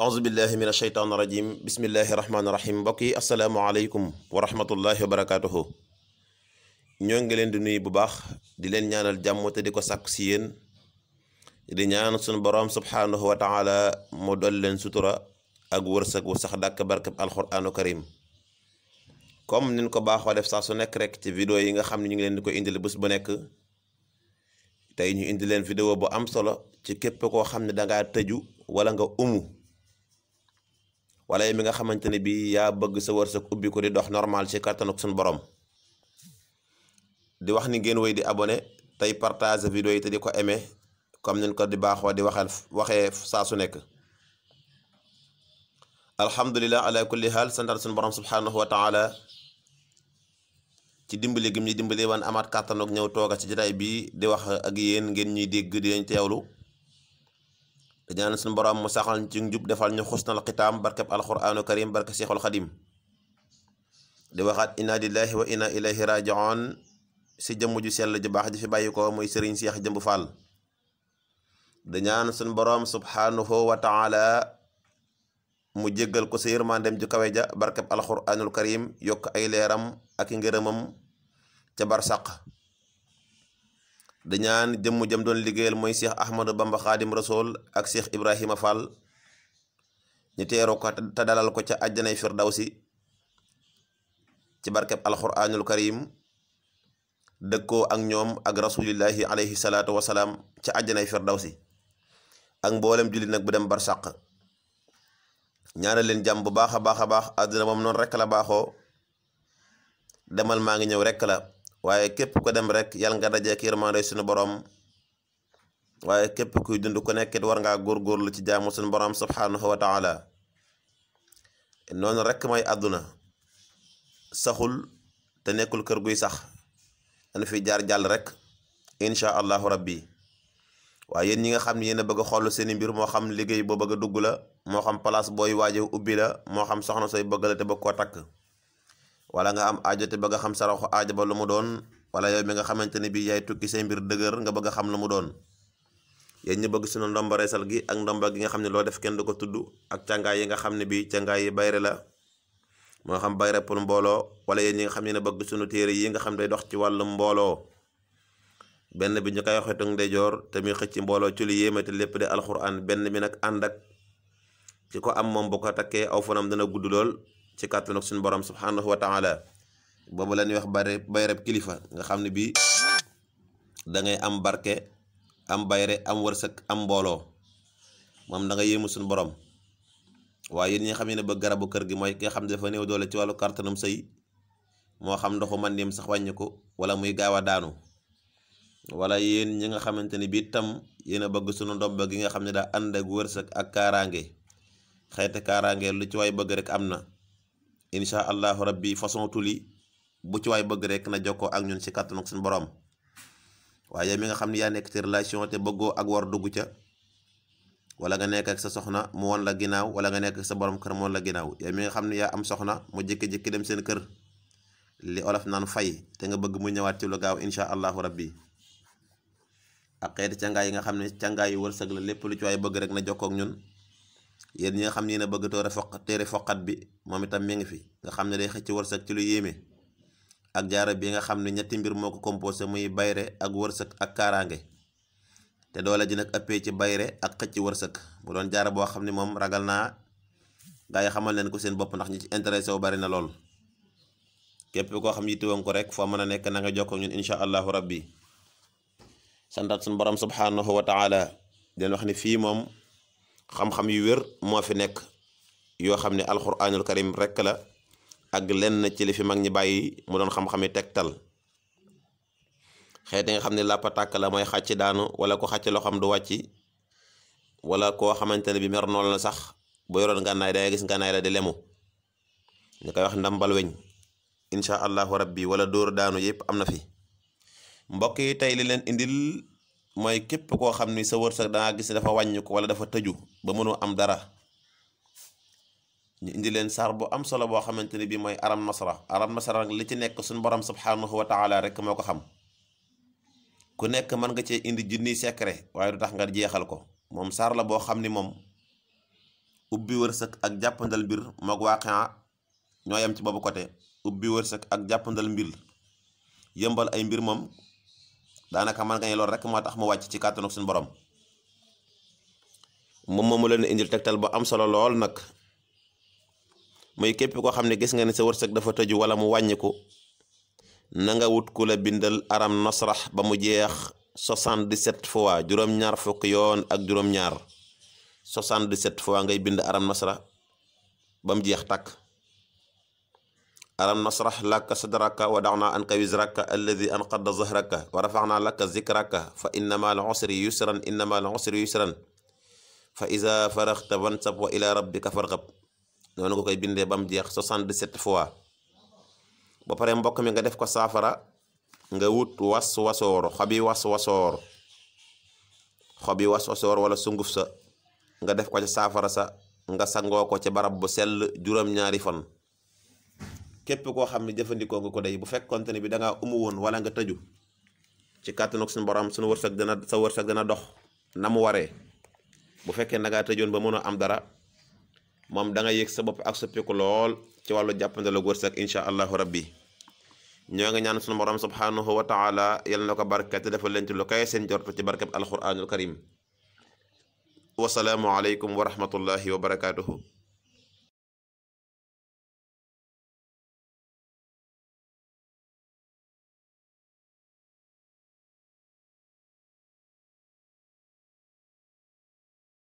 aousubillahi min asheytaan irajim bismillahi rahmaani rahim mbokk yi asalaamualeykum wa rahmatullahi wa barakaatuhu ñoo ngi leen di nuyu bu baax di leen ñaanal jàmm te di ko sàkk si yéen di ñaan suñu boroom subhaanahu wa taala moo dool leen sutura ak wërsëg wu sax dàkk barkab alquranu karim comme nin ko baaxoo def saa su nekk rek ci vidéo yi nga xam ne ñu ngi leen di ko indil bés bu nekk ñu indi leen vidéo bu am solo ci képp koo xam ne danga tëju wala nga umu wala mi nga xamante ne bii yaa bëgg sa wërsëg ubbi di dox normal ci kàttanuk suñu borom di wax ni ngeen wéy di abone tey partage vidéo yi te di ko aimé comme ni ko di baaxoo di waxal waxee saa su nekk alhamdulilah ala kulli haal santal suñu borom subhanahu wa taala ci dimbali gim ñu dimbali wan amaat kàttanuk ñëw tooga ci jotaay bii di wax ak yéen ngeen ñuy dégg di leen teewlu te ñaan suñu borom mu saxal ñu ci njub defal ñu xusnal xitaam barkeb alquranu karim barke seexul xadim di waxaat inna lillahi wa inna ilayhi rajiun si jëmm ju sell ju baax ji fi bàyyi ko muy sëriñ Seex Jëmb Fall di ñaan suñu borom subhanahu wa taala mu jéggal ko sa yërmandem ju kawe ja barkeb alquranul karim yokk ay leeram ak i ngërëmam ca barsàq dañaan jëmm jëm doon liggéeyal mooy Cheikh Ahmadou Bamba Khadim Rasoul ak Cheikh Ibrahima Fall ñu teeroo ko dalal ko ca àjjanay firdawsi ci barkeb alxuraanul karim dëkkoo ak ñoom ak rasulillahi alayhi salaatu wasalaam ca àjjanay firdawsi ak mboolem julli nag bu dem barsàq ñaanal leen jàmm bu baax a baax a baax àdduna moom noonu rekk la baaxoo demal maa ngi ñëw rekk la waaye képp ko dem rek yàlla nga dajeek yërmande suñu borom waaye képp kuy dund ku nekkit war ngaa góor góor góorgóorlu ci jaamu suñu borom subhaanahu wa taala noonu rek mooy àdduna saxul te nekkul kër guy sax dana fi jaar jàll rek incha allahu rabbi waaye yéen ñi nga xam ne yéen bëgg a xool seeni mbir moo xam liggéey boo bëgg dugg la moo xam place booy waaje ubbi la moo xam soxna sooy bëgg la te bëgg koo takk wala nga am aajo te bëgg a xam saraxu aajo ba lu mu doon wala yow mi nga xamante ne bii yaay tukki say mbir dëgër nga bëgg xam lu mu doon yéen ñu bëgg suñu ndomba reesal gi ak ndomba gi nga xam ne loo def kenn du ko tudd ak càngaay yi nga xam ne bii càngaay yi bayre la moo xam bayre pour mbooloo wala yéen ñi nga xam ne bëgg suñu téere yi nga xam day dox ci wàllu mbooloo benn bi ñu koy xetuk ndeyjoor te muy xëcc mbooloo ci lu yéeme te lépp de alxuraan benn bi nag ànd ak ki ko am moom bu ko takkee aw fanam dana gudd lool ci kàttan ak suñu borom subhanahu wa taala boobu la ñuy wax bare bayreb kilifa nga xam ne bii da ngay am barke am bayre am wërsëg am mbooloo moom da nga yéemu suñu borom waaye yéen ñi nga xam ne ba garabu kër gi mooy ki nga xam ne dafa néew doole ci wàllu kàttanam sëy moo xam ndoxu man dem sax wàññi ko wala muy gaaw a daanu wala yéen ñi nga xamante ni bii tam yéen a bëgg suñu ndomba gi nga xam ne daa ànd ak wërsëg ak kaaraange xeeti kaaraange lu ci waay bëgg rek am na incha allahu rabbi façon tuli bu ci waay bëgg rek na jokkoo ak ñun si kàttanu suñu borom waaye mi nga xam ne yaa nekk ci relation te bëggoo ak war dugg ca wala nga nekk ak sa soxna mu won la ginnaaw wala nga nekk sa borom kër mu won la ginnaaw yow mi nga xam ne yaa am soxna mu jékki-jékki dem seen kër li olof naan fay te nga bëgg mu ñëwaat ci lu gaaw incha allahu rabbi ak xeeti cangaay yi nga xam ne cangaay yu wërsëg la lépp lu ci waay bëgg rek na jokkoo ak yéen ñi nga xam ne yéen a bëgg toore foq téere foqat bi moom itam mi ngi fi nga xam ne day xëcc wërsëg ci lu yéeme ak jaara bii nga xam ne ñetti mbir moo ko composé muy bayre ak wërsëg ak kaaraange te doole ji nag ëppee ci bayre ak xëcc wërsëg mu doon jaara boo xam ne moom ragal naa gaa yi xamal leen ko seen bopp ndax ñi ci intéressé wu bari na lool képp koo xam yittewoon ko rek foo mën a nekk na nga jokkoo ñun incha allahu rabbi santaat suñu borom subhanahu wa taala xam-xam yu wér moo fi nekk yoo xam ne alxuraanul karim rekk la ak lenn ci li mag ñi bàyyi mu doon xam-xami tegtal xeet yi xam ne làppatàkk la mooy xàcc daanu wala ko xàcc loxoom du wàcc wala koo xamante ne bi mer noonu la sax bu yoroon gànnaay dangay gis gànnaay la di lemu ñu koy wax ndambal weñ incha allahu rabbi wala dóor daanu yëpp am na fi mbokk tey li leen indil mooy képp koo xam ni sa wërsëg dangaa gis dafa wàññi ko wala dafa tëju ba mënoo am dara ñu indi leen saar bu am solo boo xamante ni bii mooy aram nasara aram masara li ci nekk suñu borom subhanahu wa taala rek moo ko xam ku nekk mën nga cee indi jinni secret waaye du tax nga jeexal ko moom saar la boo xam ni moom ubbi wërsëg ak jàppandal mbir moog waaqia ñoo yem ci boobu côté ubbi wërsëg ak jàppandal mbir yëmbal ay mbir moom daanaka man nga ne loolu rekk moo tax mu wàcc ci kàttanu suñu borom moom moomu leen indil tegtal bu am solo lool nag muy képp koo xam ne gis nga ne sa wërsëg dafa tëju wala mu wàññiku na nga wut ku bindal aram nasrax ba mu jeex 77 fois juróom-ñaar fukk yoon ak juróom-ñaar 77 fois ngay bind aram nasra ba mu jeex tàkk alam nasrah laka sadraka wa da'na anka wizraka alladhi anqadha zahraka wa rafa'na laka zikraka fa inna ma'al usri yusran inna ma'al usri yusran fa iza faraghta fansab wa ila rabbika farghab noonu nga koy bindee ba mu jeex 77 fois ba pare mbokk mi nga def ko saafara nga wut was wasoor xobi was wasoor xobi was wasoor wala sunguf sa nga def ko ca saafara sa nga sangoo ko ca barab bu sell juróom-ñaari fan képp koo xam ne jëfandikoo nga ko day bu fekkoonte ne bi da ngaa umu woon wala nga tëju ci kàttanug suñu borom suñu wërsëg dana sa wërsëg dana dox na mu waree bu fekkee da ngaa tëjoon ba mën a am dara moom da nga yëg sa bopp ak sa piku lool ci wàllu jàppandal ak wërsëg incha allahu rabbi ñoo ngi ñaan suñu borom subhanahu wa taala yal na ko barke te dafa leen lu kay seen jortu ci barkeb alquranul karim wasalaamu aleykum wa rahmatullahi wa barakatuhu